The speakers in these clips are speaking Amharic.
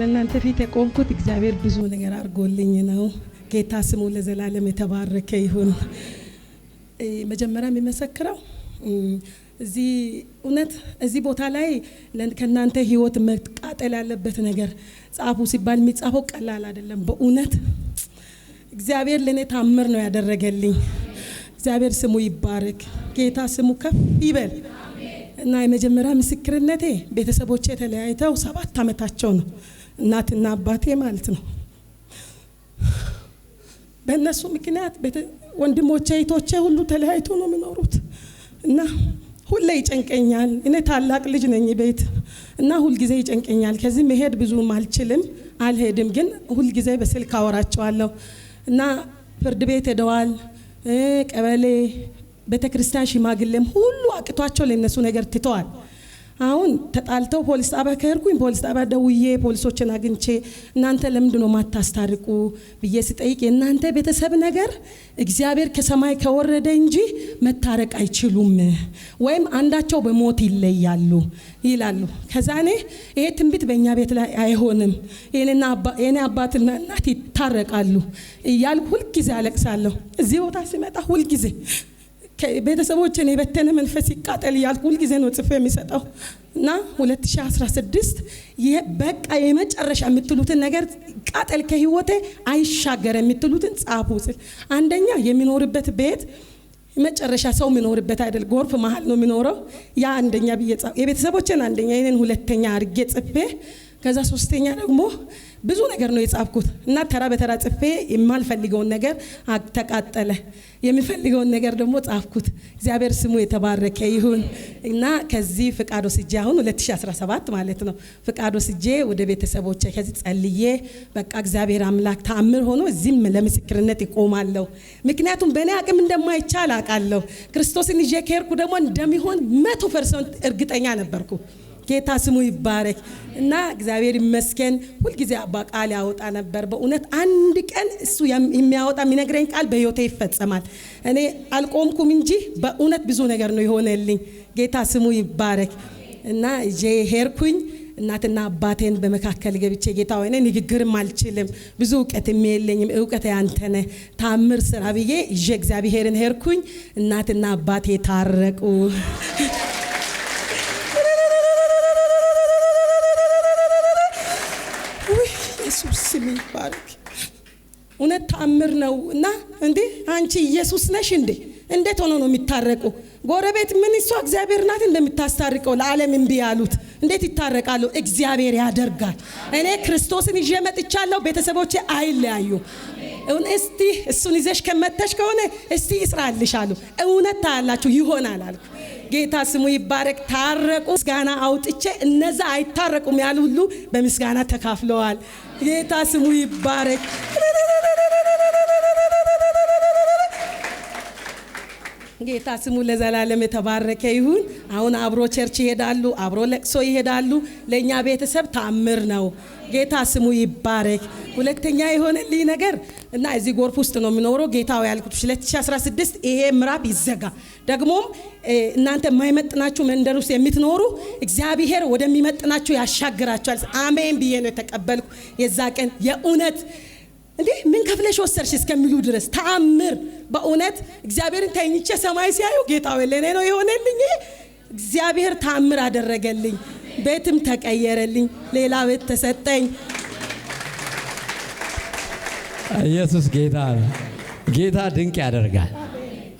በእናንተ ፊት የቆምኩት እግዚአብሔር ብዙ ነገር አድርጎልኝ ነው። ጌታ ስሙ ለዘላለም የተባረከ ይሁን። መጀመሪያ የሚመሰክረው እዚህ እውነት እዚህ ቦታ ላይ ከእናንተ ህይወት መቃጠል ያለበት ነገር ጻፉ ሲባል የሚጻፈው ቀላል አይደለም። በእውነት እግዚአብሔር ለእኔ ታምር ነው ያደረገልኝ። እግዚአብሔር ስሙ ይባረክ። ጌታ ስሙ ከፍ ይበል እና የመጀመሪያ ምስክርነቴ ቤተሰቦቼ ተለያይተው ሰባት ዓመታቸው ነው። እናትና አባቴ ማለት ነው። በእነሱ ምክንያት ወንድሞቼ እህቶቼ ሁሉ ተለያይቶ ነው የሚኖሩት እና ሁሌ ይጨንቀኛል። እኔ ታላቅ ልጅ ነኝ ቤት እና ሁልጊዜ ይጨንቀኛል። ከዚህ መሄድ ብዙም አልችልም፣ አልሄድም። ግን ሁልጊዜ በስልክ አወራቸዋለሁ እና ፍርድ ቤት ሄደዋል፣ ቀበሌ፣ ቤተ ክርስቲያን ሽማግሌም ሁሉ አቅቷቸው ለእነሱ ነገር ትተዋል። አሁን ተጣልተው ፖሊስ ጣቢያ ከሄድኩኝ ፖሊስ ጣቢያ ደውዬ ፖሊሶችን አግኝቼ እናንተ ለምንድን ነው ማታስታርቁ ብዬ ስጠይቅ የእናንተ ቤተሰብ ነገር እግዚአብሔር ከሰማይ ከወረደ እንጂ መታረቅ አይችሉም፣ ወይም አንዳቸው በሞት ይለያሉ ይላሉ። ከዛኔ ይሄ ትንቢት በእኛ ቤት ላይ አይሆንም፣ የኔ አባትና እናት ይታረቃሉ እያልኩ ሁልጊዜ አለቅሳለሁ። እዚህ ቦታ ሲመጣ ሁልጊዜ ቤተሰቦችን የበተነ መንፈስ ይቃጠል እያልኩ ሁልጊዜ ነው ጽፎ የሚሰጠው እና 2016 በቃ የመጨረሻ የምትሉትን ነገር ቃጠል ከህይወቴ አይሻገር የምትሉትን ጻፉ ስል አንደኛ የሚኖርበት ቤት መጨረሻ ሰው የሚኖርበት አይደል፣ ጎርፍ መሀል ነው የሚኖረው። ያ አንደኛ ብዬ የቤተሰቦችን አንደኛ ይህንን ሁለተኛ አድርጌ ጽፌ ከዛ ሶስተኛ ደግሞ ብዙ ነገር ነው የጻፍኩት እና ተራ በተራ ጽፌ የማልፈልገውን ነገር ተቃጠለ፣ የሚፈልገውን ነገር ደግሞ ጻፍኩት። እግዚአብሔር ስሙ የተባረከ ይሁን እና ከዚህ ፍቃድ ወስጄ አሁን 2017 ማለት ነው ፍቃድ ወስጄ ወደ ቤተሰቦች ከዚህ ጸልዬ በቃ እግዚአብሔር አምላክ ተአምር ሆኖ እዚህም ለምስክርነት ይቆማለሁ። ምክንያቱም በእኔ አቅም እንደማይቻል አውቃለሁ። ክርስቶስን ይዤ ከሄድኩ ደግሞ እንደሚሆን መቶ ፐርሰንት እርግጠኛ ነበርኩ። ጌታ ስሙ ይባረክ እና እግዚአብሔር ይመስገን። ሁልጊዜ በቃል ያወጣ ነበር። በእውነት አንድ ቀን እሱ የሚያወጣ የሚነግረኝ ቃል በህይወቴ ይፈጸማል። እኔ አልቆምኩም እንጂ በእውነት ብዙ ነገር ነው የሆነልኝ። ጌታ ስሙ ይባረክ እና ይዤ ሄርኩኝ እናትና አባቴን በመካከል ገብቼ ጌታ ወይ ንግግርም አልችልም፣ ብዙ እውቀትም የለኝም፣ እውቀት ያንተነ ታምር ስራ ብዬ ይዤ እግዚአብሔርን ሄርኩኝ። እናትና አባቴ ታረቁ። ስሚ ባርክ። እውነት ተአምር ነው እና እንዴ አንቺ ኢየሱስ ነሽ እንዴ? እንዴት ሆኖ ነው የሚታረቁ? ጎረቤት ምን እሷ እግዚአብሔር ናት እንደምታስታርቀው። ለዓለም እምቢ ያሉት እንዴት ይታረቃሉ? እግዚአብሔር ያደርጋል። እኔ ክርስቶስን ይዤ መጥቻለሁ። ቤተሰቦቼ አይለያዩ። እስቲ እሱን ይዘሽ ከመተሽ ከሆነ እስቲ ይስራልሻሉ። እውነት ታያላችሁ፣ ይሆናል አልኩ ጌታ ስሙ ይባረክ። ታረቁ። ምስጋና አውጥቼ እነዛ አይታረቁም ያሉ ሁሉ በምስጋና ተካፍለዋል። ጌታ ስሙ ይባረክ። ጌታ ስሙ ለዘላለም የተባረከ ይሁን። አሁን አብሮ ቸርች ይሄዳሉ፣ አብሮ ለቅሶ ይሄዳሉ። ለእኛ ቤተሰብ ታምር ነው። ጌታ ስሙ ይባረክ። ሁለተኛ የሆነልኝ ነገር እና እዚህ ጎርፍ ውስጥ ነው የሚኖረው። ጌታው ያልኩት 2016 ይሄ ምዕራፍ ይዘጋ። ደግሞም እናንተ የማይመጥናችሁ መንደር ውስጥ የምትኖሩ እግዚአብሔር ወደሚመጥናችሁ ያሻግራችኋል። አሜን ብዬ ነው የተቀበልኩ የዛ ቀን የእውነት እንዴ ምን ከፍለሽ ወሰድሽ እስከሚሉ ድረስ ተአምር። በእውነት እግዚአብሔርን ተኝቼ ሰማይ ሲያዩ ጌታ ወለኔ ነው የሆነልኝ፣ እግዚአብሔር ተአምር አደረገልኝ፣ ቤትም ተቀየረልኝ፣ ሌላ ቤት ተሰጠኝ። ኢየሱስ ጌታ ጌታ ድንቅ ያደርጋል።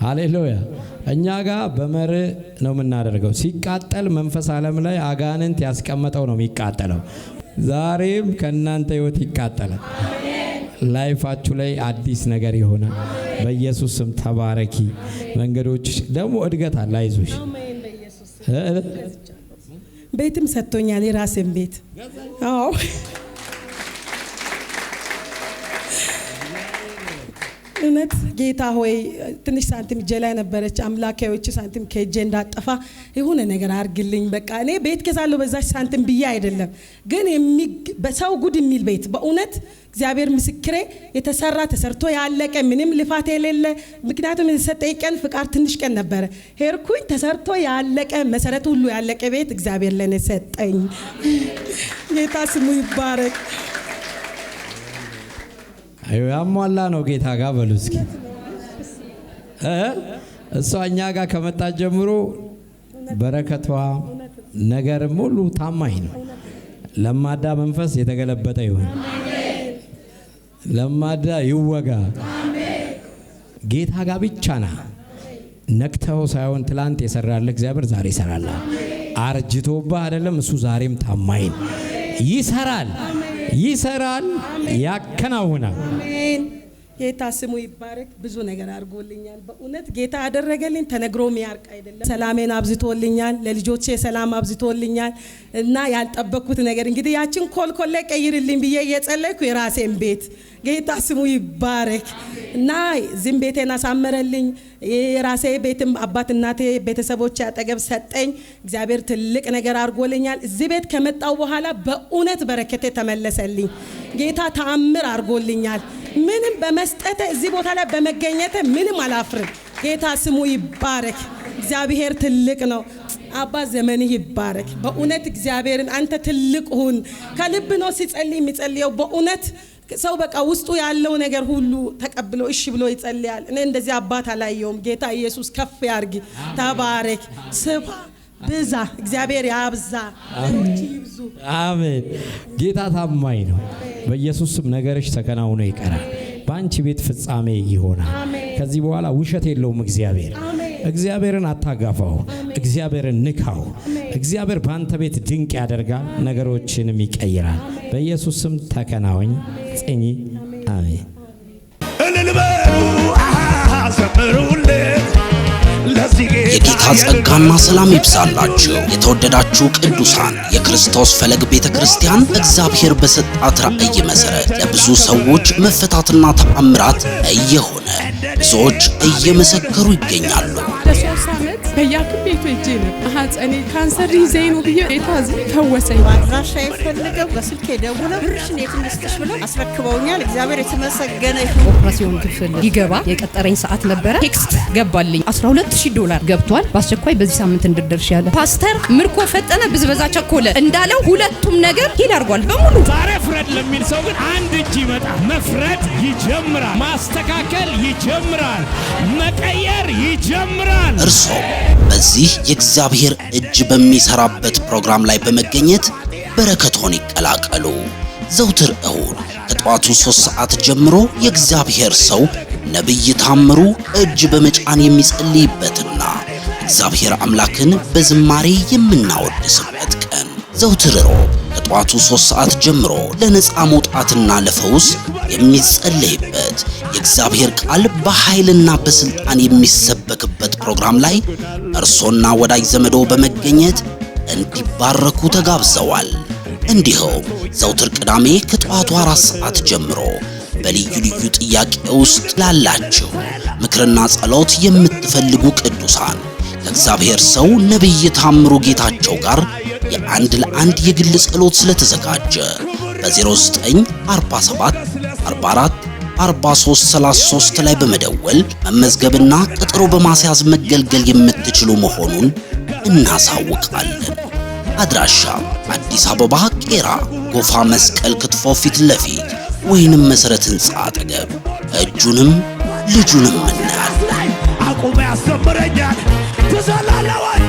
ሃሌሉያ። እኛ ጋር በመር ነው የምናደርገው። ሲቃጠል መንፈስ ዓለም ላይ አጋንንት ያስቀመጠው ነው የሚቃጠለው። ዛሬም ከእናንተ ህይወት ይቃጠላል። ላይፋችሁ ላይ አዲስ ነገር ይሆናል። በኢየሱስ ስም ተባረኪ። መንገዶች ደግሞ እድገት አለ። አይዞሽ ቤትም ሰጥቶኛል፣ የራሴን ቤት አዎ እውነት ጌታ ሆይ ትንሽ ሳንቲም እጄ ላይ ነበረች። አምላካዎች ሳንቲም ከእጄ እንዳጠፋ የሆነ ነገር አርግልኝ። በቃ እኔ ቤት ገዛለሁ በዛች ሳንቲም ብዬ አይደለም፣ ግን በሰው ጉድ የሚል ቤት በእውነት እግዚአብሔር ምስክሬ የተሰራ ተሰርቶ ያለቀ ምንም ልፋት የሌለ ምክንያቱም የተሰጠኝ ቀን ፍቃድ ትንሽ ቀን ነበረ። ሄርኩኝ ተሰርቶ ያለቀ መሰረት ሁሉ ያለቀ ቤት እግዚአብሔር ለኔ ሰጠኝ። ጌታ ስሙ ይባረክ። ያሟላ ነው ጌታ ጋር በሉ እስኪ። እሷ እኛ ጋር ከመጣች ጀምሮ በረከቷ ነገርም ሁሉ ታማኝ ነው። ለማዳ መንፈስ የተገለበጠ ይሁን። ለማዳ ይወጋ። ጌታ ጋር ብቻ ና። ነቅተው ሳይሆን ትላንት የሰራለ እግዚአብሔር ዛሬ ይሰራላል። አርጅቶባ አይደለም እሱ ዛሬም ታማኝ ይሰራል። ይሰራል፣ ያከናውናል። ጌታ ስሙ ይባረክ። ብዙ ነገር አድርጎልኛል። በእውነት ጌታ ያደረገልኝ ተነግሮ የሚያርቅ አይደለም። ሰላሜን አብዝቶልኛል፣ ለልጆቼ ሰላም አብዝቶልኛል እና ያልጠበቅኩት ነገር እንግዲህ ያችን ኮልኮሌ ቀይርልኝ ብዬ እየጸለይኩ የራሴን ቤት ጌታ ስሙ ይባረክ እና ዝም ቤቴን አሳመረልኝ። የራሴ ቤትም አባት እናቴ፣ ቤተሰቦች አጠገብ ሰጠኝ። እግዚአብሔር ትልቅ ነገር አድርጎልኛል። እዚህ ቤት ከመጣው በኋላ በእውነት በረከቴ ተመለሰልኝ። ጌታ ተአምር አድርጎልኛል። ምንም በመስጠት እዚህ ቦታ ላይ በመገኘት ምንም አላፍርም። ጌታ ስሙ ይባረክ። እግዚአብሔር ትልቅ ነው። አባ ዘመንህ ይባረክ። በእውነት እግዚአብሔርን አንተ ትልቅ ሁን። ከልብ ነው ሲጸልይ የሚጸልየው በእውነት ሰው በቃ ውስጡ ያለው ነገር ሁሉ ተቀብሎ እሺ ብሎ ይጸልያል። እኔ እንደዚህ አባት አላየውም። ጌታ ኢየሱስ ከፍ ያርግ። ተባረክ፣ ስፋ፣ ብዛ። እግዚአብሔር ያብዛ፣ አሜን። ጌታ ታማኝ ነው። በኢየሱስም ስም ተከናውኖ ይቀራል። በአንቺ ቤት ፍጻሜ ይሆናል። ከዚህ በኋላ ውሸት የለውም እግዚአብሔር እግዚአብሔርን አታጋፋው። እግዚአብሔርን ንካው። እግዚአብሔር በአንተ ቤት ድንቅ ያደርጋል፣ ነገሮችንም ይቀይራል። በኢየሱስ ስም ተከናወኝ። ጽኚ። አሜን እልልበሉ ዘምሩል የጌታ ጸጋና ሰላም ይብዛላችሁ። የተወደዳችሁ ቅዱሳን የክርስቶስ ፈለግ ቤተ ክርስቲያን እግዚአብሔር በሰጣት ራእይ መሠረት ለብዙ ሰዎች መፈታትና ተአምራት እየሆነ ብዙዎች እየመሰከሩ ይገኛሉ። በሶስት ዓመት በየሐኪም ቤቱ ሄጄ ነበር። ሐፀኔ ካንሰር ይዘኝ ነው ብዬ ጌታ እዚህ ፈወሰኝ። አድራሻ የፈልገው በስልክ የደውለው ብርሽን የት እንስጥሽ ብለው አስረክበውኛል። እግዚአብሔር የተመሰገነ። ኦፕራሲዮን ክፍል ይገባ የቀጠረኝ ሰዓት ነበረ። ቴክስት ገባልኝ 12 ሺ ዶላር ገብቷል። በአስቸኳይ በዚህ ሳምንት እንድደርሽ ያለ ፓስተር ምርኮ ፈጠነ ብዝበዛ ቸኮለ እንዳለው ሁለቱም ነገር ሂል አድርጓል በሙሉ። ዛሬ ፍረድ ለሚል ሰው ግን አንድ እጅ ይመጣል። መፍረድ ይጀምራል። ማስተካከል ይጀምራል። መቀየር ይጀምራል። እርሶ በዚህ የእግዚአብሔር እጅ በሚሰራበት ፕሮግራም ላይ በመገኘት በረከቶን ይቀላቀሉ። ዘውትር እሁድ ከጠዋቱ ሶስት ሰዓት ጀምሮ የእግዚአብሔር ሰው ነቢይ ታምሩ እጅ በመጫን የሚጸልይበትና እግዚአብሔር አምላክን በዝማሬ የምናወድስበት ቀን ዘውትርሮ ሮብ ከጠዋቱ ሶስት ሰዓት ጀምሮ ለነፃ መውጣትና ለፈውስ የሚጸለይበት የእግዚአብሔር ቃል በኃይልና በስልጣን የሚሰበክበት ፕሮግራም ላይ እርሶና ወዳጅ ዘመዶ በመገኘት እንዲባረኩ ተጋብዘዋል። እንዲሁም ዘውትር ቅዳሜ ከጠዋቱ አራት ሰዓት ጀምሮ በልዩ ልዩ ጥያቄ ውስጥ ላላችሁ ምክርና ጸሎት የምትፈልጉ ቅዱሳን ከእግዚአብሔር ሰው ነቢይ ታምሩ ጌታቸው ጋር የአንድ ለአንድ የግል ጸሎት ስለተዘጋጀ በ0947 44 4333 ላይ በመደወል መመዝገብና ቀጠሮ በማስያዝ መገልገል የምትችሉ መሆኑን እናሳውቃለን። አድራሻ አዲስ አበባ ቄራ ጎፋ መስቀል ክትፎ ፊት ለፊት ወይንም መሰረት ህንፃ አጠገብ። እጁንም ልጁንም እናያለን። አቁመ ያሰምረኛል ትዘላለወ